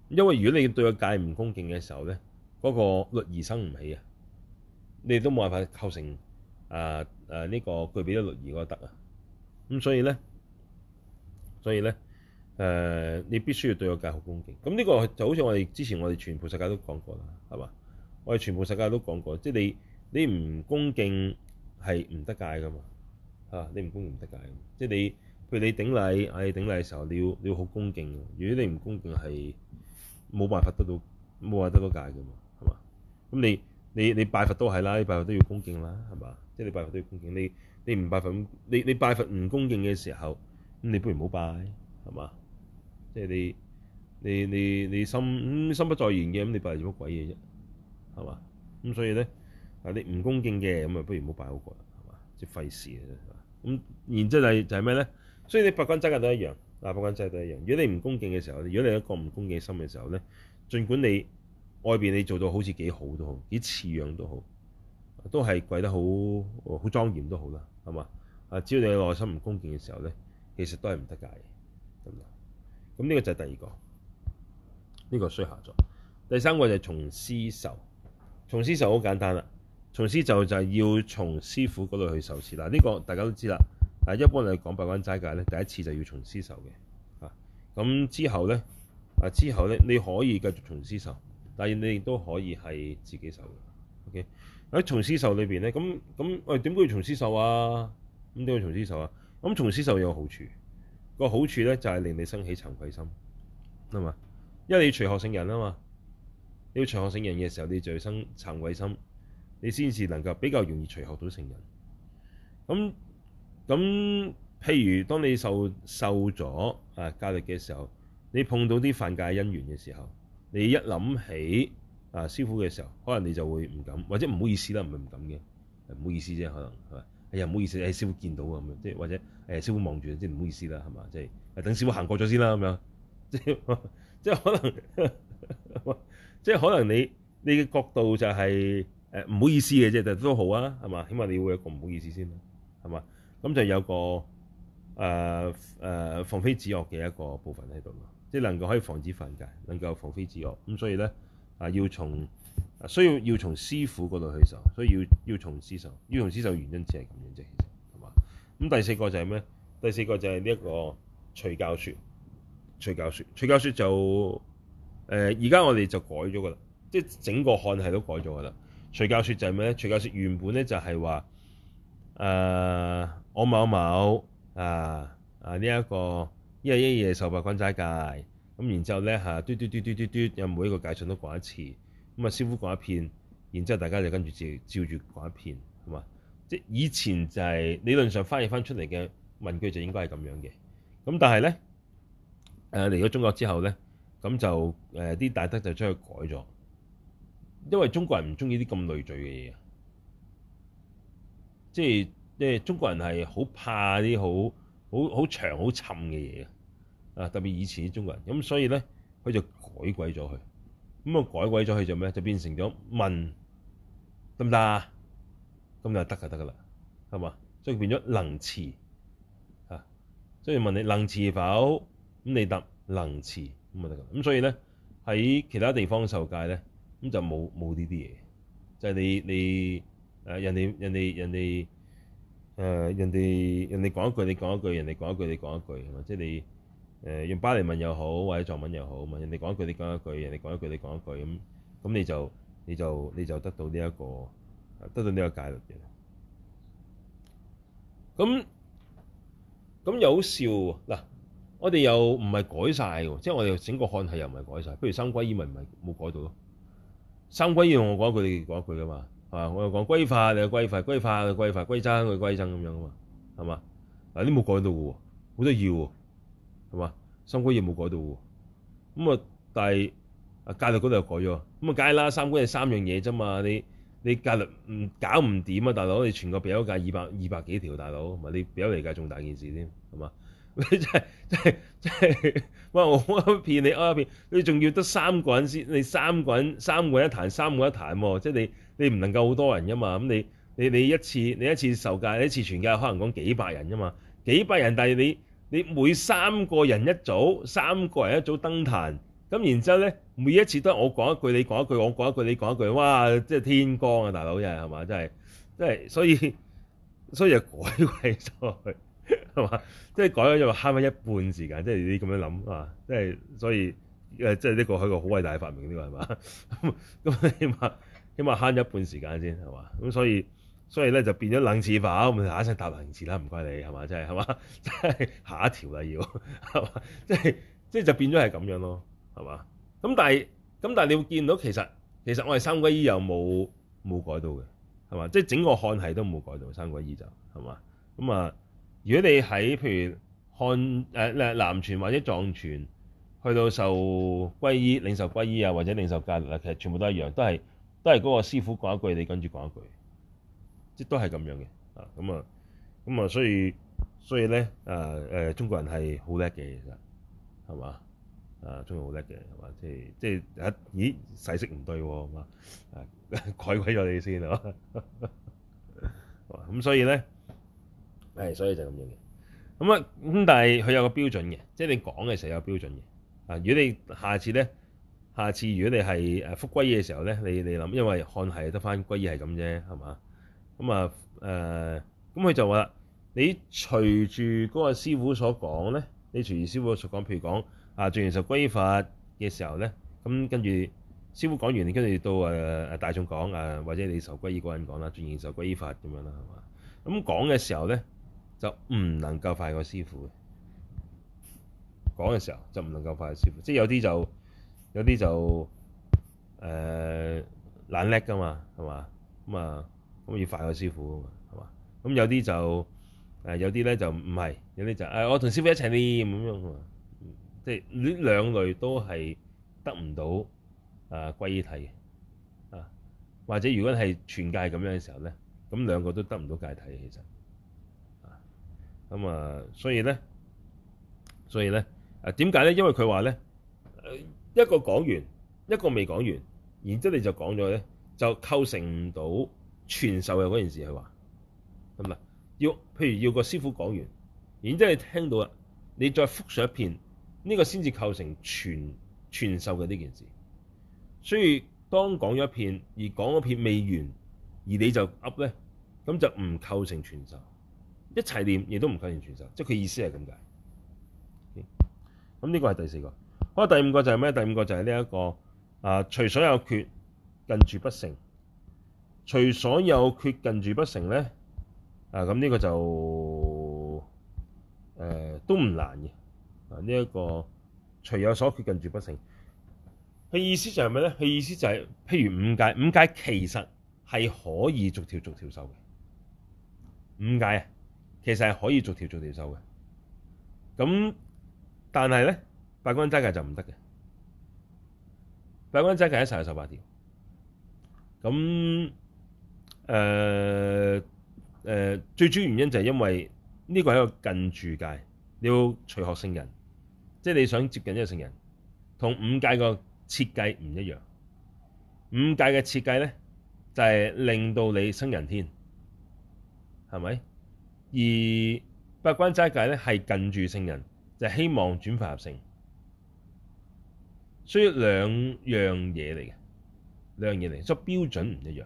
因為如果你對個戒唔恭敬嘅時候咧，嗰、那個律儀生唔起啊，你都冇辦法構成啊啊呢個具備咗律儀嗰個得啊，咁、啊這個、所以咧，所以咧誒、啊，你必須要對個戒好恭敬。咁呢個就好似我哋之前我哋傳菩薩戒都講過啦，係嘛？我哋傳菩薩戒都講過，即係你你唔恭敬係唔得戒噶嘛嚇？你唔恭敬唔得戒，即係你。譬如你頂禮，唉，頂禮嘅時候你要你要好恭敬。如果你唔恭敬，係冇辦法得到冇話得到戒㗎嘛，係嘛？咁你你你拜佛都係啦，你拜佛都要恭敬啦，係嘛？即係你拜佛都要恭敬，你你唔拜佛，你你拜佛唔恭敬嘅時候，咁你不如唔好拜，係嘛？即係你你你你心，嗯，心不在焉嘅，咁你拜嚟做乜鬼嘢啫？係嘛？咁所以咧，嗱你唔恭敬嘅，咁啊不如唔好拜好過啦，係嘛？即係費事嘅啫。咁然之後就係就係咩咧？所以你八關齋戒都一樣，嗱八關齋戒都一樣。如果你唔恭敬嘅時候，如果你一個唔恭敬嘅心嘅時候咧，儘管你外邊你做到好似幾好都好，幾似樣都好，都係跪得好好莊嚴都好啦，係嘛？啊，只要你內心唔恭敬嘅時候咧，其實都係唔得戒。係咪？咁呢個就係第二個，呢、呢個須下座。第三個就係從師受，從師受好簡單啦，從師受就係要從師傅嗰度去受持啦。呢個大家都知啦。誒，一般嚟講，八關齋戒咧，第一次就要從師受嘅嚇。咁、啊、之後咧，啊之後咧，你可以繼續從師受，但係你亦都可以係自己受嘅。OK 喺從師受裏邊咧，咁咁喂點解要從師受啊？咁點解從師受啊？咁從師受有個好處，個好處咧就係、是、令你生起慚愧心，明嘛？因為你隨學聖人啊嘛，你要隨學聖人嘅時候，你就要生慚愧心，你先至能夠比較容易隨學到聖人。咁、嗯咁譬如當你受受咗啊教育嘅時候，你碰到啲犯戒因緣嘅時候，你一諗起啊師傅嘅時候，可能你就會唔敢，或者唔好意思啦，唔係唔敢嘅，唔好意思啫，可能係咪？哎呀唔好意思，喺、哎、師傅見到咁樣、哎，即係或者誒師傅望住，即係唔好意思啦，係嘛、即係？即係等師傅行過咗先啦咁樣，即係即係可能，呵呵即係可能你你嘅角度就係誒唔好意思嘅啫，但都好啊，係嘛？起碼你會有個唔好意思先，啦，係嘛？咁就有個誒誒、呃呃、防非止惡嘅一個部分喺度咯，即係能夠可以防止犯戒，能夠防非止惡。咁所以咧啊、呃，要從需要要從師傅嗰度去受，所以要要從師受，要從師受原因只係咁樣啫，其係嘛？咁第四個就係咩？第四個就係呢一個隨教説，隨教説，隨教説就誒而家我哋就改咗噶啦，即係整個漢系都改咗噶啦。隨教説就係咩咧？隨教説原本咧就係話誒。呃我某某，啊啊！呢一個一日一夜受八關齋戒，咁然之後咧嚇，嘟嘟嘟嘟嘟嘟，嘟，有每一個戒相都講一次，咁啊師傅講一遍，然之後大家就跟住照照住講一遍，係嘛？即係以前就係理論上翻譯翻出嚟嘅文句就應該係咁樣嘅，咁但係咧，誒嚟咗中國之後咧，咁就誒啲、呃、大德就將佢改咗，因為中國人唔中意啲咁累贅嘅嘢啊，即係。即係中國人係好怕啲好好好長好沉嘅嘢啊！特別以前啲中國人咁，所以咧佢就改鬼咗佢咁啊！佢改鬼咗佢做咩就變成咗問得唔得啊？咁就得㗎，得㗎啦，係嘛？所以變咗能持嚇，所以問你能持否？咁你答能持咁啊得㗎。咁所以咧喺其他地方受戒咧咁就冇冇呢啲嘢，就係、就係、你你誒人哋人哋人哋。誒人哋人哋講一句你講一句，人哋講一句你講一句，係嘛？即係你誒用巴利文又好，或者藏文又好，嘛？人哋講一句你講一句，人哋講一句你講一句，咁咁你就你就你就得到呢一個得到呢個戒律嘅。咁咁又好笑嗱，我哋又唔係改曬嘅，即係我哋整個漢系又唔係改曬，譬如三歸依文唔係冇改到咯？三歸依同我講一句你講一句㗎嘛？啊！我又講規範啊，規範，規範，規範，規爭，佢規爭咁樣啊嘛，係嘛？嗱你冇改到喎，好多要，係嘛？三皈嘢冇改到喎，咁啊，但係啊，戒律嗰度又改咗，咁啊，梗係啦，三皈係三樣嘢啫嘛，你你戒律唔搞唔掂啊，大佬，你全個比丘戒二百二百幾條，大佬，唔係你比丘尼戒仲大件事添，係嘛？ 你真係真係真係，哇！我我騙你，我騙你，仲要得三個人先，你三個人三個人一壇，三個一壇喎，即係你你唔能夠好多人噶嘛，咁你你你一次你一次受戒，你一次全戒，可能講幾百人噶嘛，幾百人，但係你你每三個人一組，三個人一組登壇，咁然之後咧，每一次都係我講一句，你講一句，我講一句，你講一句，哇！即係天光啊，大佬，真係係嘛，真係真係，所以所以就改為咗。係嘛，即係改咗就慳返一半時間，即係你咁樣諗啊，即係所以誒，即係呢個係一個好偉大嘅發明，呢個係嘛，咁咁起碼起碼慳咗一半時間先係嘛，咁所以所以咧就變咗冷字法。咁下一聲搭冷字啦，唔該你係嘛，即係係嘛，即係下一條啦要係嘛，即係即係就變咗係咁樣咯係嘛，咁但係咁但係你會見到其實其實我係三皈依又冇冇改到嘅係嘛，即係整個漢系都冇改到三皈依就係嘛咁啊。如果你喺譬如漢誒誒南傳或者藏傳，去到受皈依、領受皈依啊，或者領受戒律啊，其實全部都一樣，都係都係嗰個師父講一句，你跟住講一句，即都係咁樣嘅啊。咁啊咁、呃、啊，啊，啊，啊，啊，所以所以咧啊誒，中國人係好叻嘅，其實係嘛啊，中國好叻嘅係嘛，即係即係啊咦，勢色唔對喎，啊改鬼咗你先啊，咁所以咧。係，所以就咁樣嘅。咁啊，咁但係佢有個標準嘅，即係你講嘅時候有標準嘅。啊，如果你下次咧，下次如果你係誒復歸嘅時候咧，你你諗，因為看係得翻歸依係咁啫，係嘛？咁啊，誒、呃，咁佢就話，你隨住嗰個師傅所講咧，你隨住師傅所講，譬如講啊，做完受皈依法嘅時候咧，咁跟住師傅講完，你跟住到誒誒、呃、大眾講啊，或者你受皈依個人講啦，做完受皈依法咁樣啦，係嘛？咁講嘅時候咧。就唔能，能夠快過師父嘅講嘅時候，就唔能夠快過師父。即係有啲就，有啲就誒、呃、懶叻㗎嘛，係嘛？咁、嗯、啊，咁要快過師父㗎嘛，係嘛？咁有啲就誒，有啲咧就唔係，有啲就誒，我同師父一齊練咁樣，即係呢兩類都係得唔到啊戒體啊，或者如果係全界咁樣嘅時候咧，咁兩個都得唔到戒體其實。咁啊、嗯，所以咧，所以咧，啊點解咧？因為佢話咧，一個講完，一個未講完，然之後你就講咗咧，就構成唔到傳授嘅嗰件事。佢話，咁、嗯、啊，要譬如要個師傅講完，然之後你聽到啦，你再複述一遍，呢、這個先至構成傳傳授嘅呢件事。所以當講咗一遍，而講嗰遍未完，而你就噏咧，咁就唔構成傳授。一齊念亦都唔夠完全受，即係佢意思係咁解。咁、okay? 呢、嗯，這個係第四個。好，第五個就係咩？第五個就係呢一個啊，隨所有闕近住不成。隨所有闕近住不成咧，啊咁呢個就誒都唔難嘅。啊，呢、這、一個、呃啊這個、隨有所闕近住不成，佢意思就係咩咧？佢意思就係、是，譬如五戒，五戒其實係可以逐條逐條受嘅。五戒。啊！其實係可以逐條逐條走嘅，咁但係咧八關齋戒就唔得嘅，八關齋戒一齊係十八條。咁誒誒，最主要原因就係因為呢個係一個近住戒，你要隨學聖人，即係你想接近一個聖人，同五戒個設計唔一樣。五戒嘅設計咧，就係令到你生人天，係咪？而八關齋戒咧係近住聖人，就係、希望轉凡入聖，所以兩樣嘢嚟嘅，兩樣嘢嚟，所以標準唔一樣。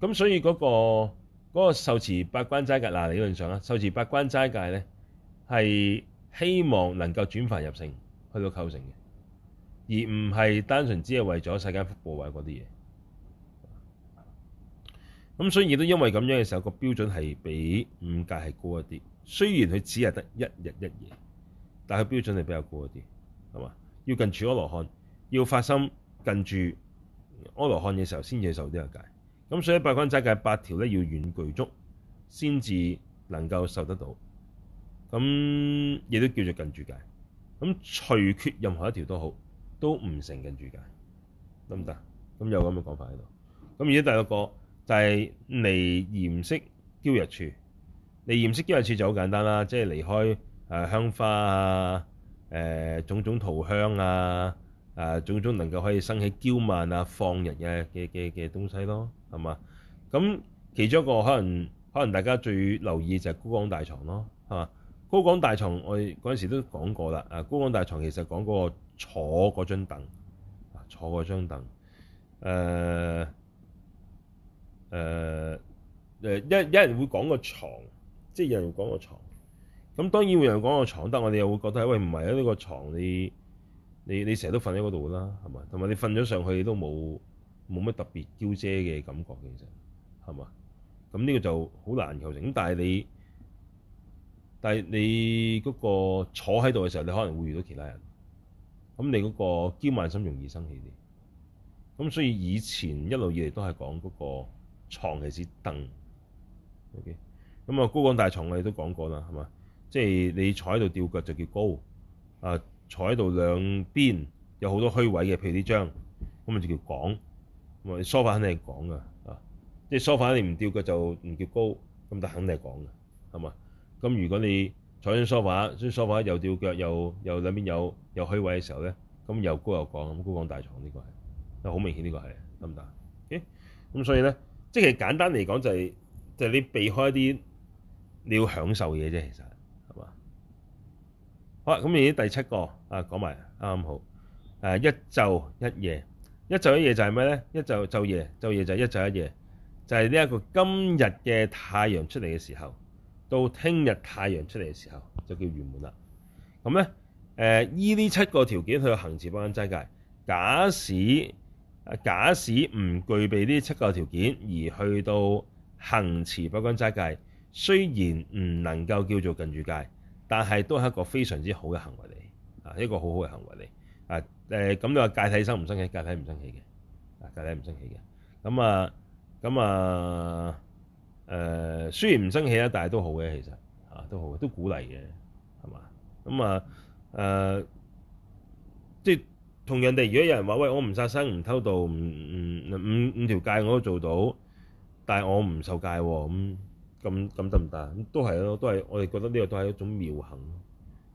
咁所以嗰、嗰個受持、嗰個、八關齋戒嗱理論上啦，受持八關齋戒咧係希望能夠轉凡入聖，去到構成嘅，而唔係單純只係為咗世界福報嗰啲嘢。咁所以亦都因為咁樣嘅時候，個標準係比五戒係高一啲。雖然佢只係得一日一夜，但係佢標準係比較高一啲，係嘛？要近住阿羅漢，要發心近住阿羅漢嘅時候先至受呢個戒。咁所以百官界八關齋戒八條咧，要遠具足先至能夠受得到。咁亦都叫做近住戒。咁隨缺任何一條都好，都唔成近住戒，得唔得？咁有咁嘅講法喺度。咁而家第六個。就係離嚴飾憍逸處，離嚴飾憍逸處就好簡單啦，即、就、係、是、離開香花啊，誒、呃、種種塗香啊，誒、呃、種種能夠可以生起憍慢啊放逸嘅嘅嘅嘅東西咯，係嘛？咁其中一個可能可能大家最留意就係高廣大床咯，係嘛？高廣大床我嗰陣時都講過啦，高廣大床其實講嗰坐嗰張凳，坐嗰張凳，呃誒、uh，一一人會講個床，即係有人講個床。咁當然會有人講個床，得，我哋又會覺得喂唔係啊！呢、呢個床你你你成日都瞓喺嗰度啦，係嘛？同埋你瞓咗上去都冇冇乜特別嬌姐嘅感覺嘅，其實係嘛？咁呢個就好難構成。但係你但係你嗰個坐喺度嘅時候，你可能會遇到其他人，咁你嗰個嬌慢心容易生起啲。咁所以以前一路以嚟都係講嗰個。床其實係凳，OK，咁啊，高廣大床我哋都講過啦，係嘛？即係你坐喺度吊腳就叫高啊，坐喺度兩邊有好多虛位嘅，譬如呢張咁咪就叫廣。咁啊，梳化肯定係廣㗎啊，即係梳化你唔吊腳就唔叫高，咁但肯定係廣嘅，係嘛？咁如果你坐張梳化，張梳化又吊腳又又兩邊有有虛位嘅時候咧，咁又高又廣，咁高廣大床呢個係啊，好明顯呢個係得唔得？OK，咁所以咧。即係簡單嚟講、就是，就係、是、就你避開啲你要享受嘅嘢啫，其實係嘛？好，咁而家第七個啊講埋啱好誒，一晝一夜，一晝一夜就係咩咧？一晝晝夜晝夜就係一晝一夜，就係呢一個今日嘅太陽出嚟嘅時候，到聽日太陽出嚟嘅時候就叫圓滿啦。咁咧誒依呢七個條件去行持八關齋戒，假使啊！假使唔具備呢七個條件，而去到行持八關齋戒，雖然唔能夠叫做近住戒，但係都係一個非常之好嘅行為嚟，啊一個很好好嘅行為嚟，啊誒咁你話戒體生唔生起？戒體唔生起嘅，啊戒體唔生起嘅，咁啊咁啊誒、啊啊啊呃，雖然唔生起啊，但係都好嘅，其實嚇、啊、都好嘅，都鼓勵嘅，係嘛？咁啊誒、啊、即係。同人哋，如果有人話：喂，我唔殺生、唔偷盜，唔唔五五條戒我都做到，但係我唔受戒喎，咁咁咁得唔得？咁都係咯，都係我哋覺得呢個都係一種妙行，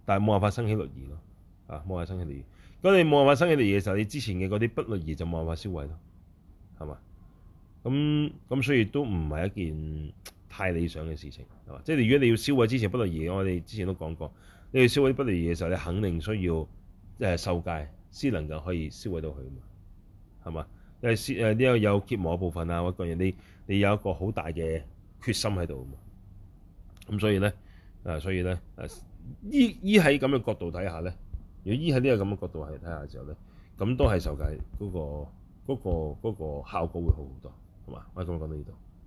但係冇辦法生起律儀咯。啊，冇辦法生起律儀。咁你冇辦法生起律儀嘅時候，你之前嘅嗰啲不律儀就冇辦法消毀咯，係嘛？咁咁，所以都唔係一件太理想嘅事情，係嘛？即係如果你要消毀之前不律儀，我哋之前都講過，你要消毀不律儀嘅時候，你肯定需要即係受戒。先能夠可以銷毀到佢嘛，係嘛？誒，誒呢個有揭膜部分啊，或者你你有一個好大嘅決心喺度啊嘛，咁所以咧，啊，所以咧，依依喺咁嘅角度睇下咧，如果依喺呢個咁嘅角度係睇下嘅時候咧，咁都係受戒嗰、嗰個嗰、嗰個嗰個、效果會好好多，係嘛？我依家講到呢度。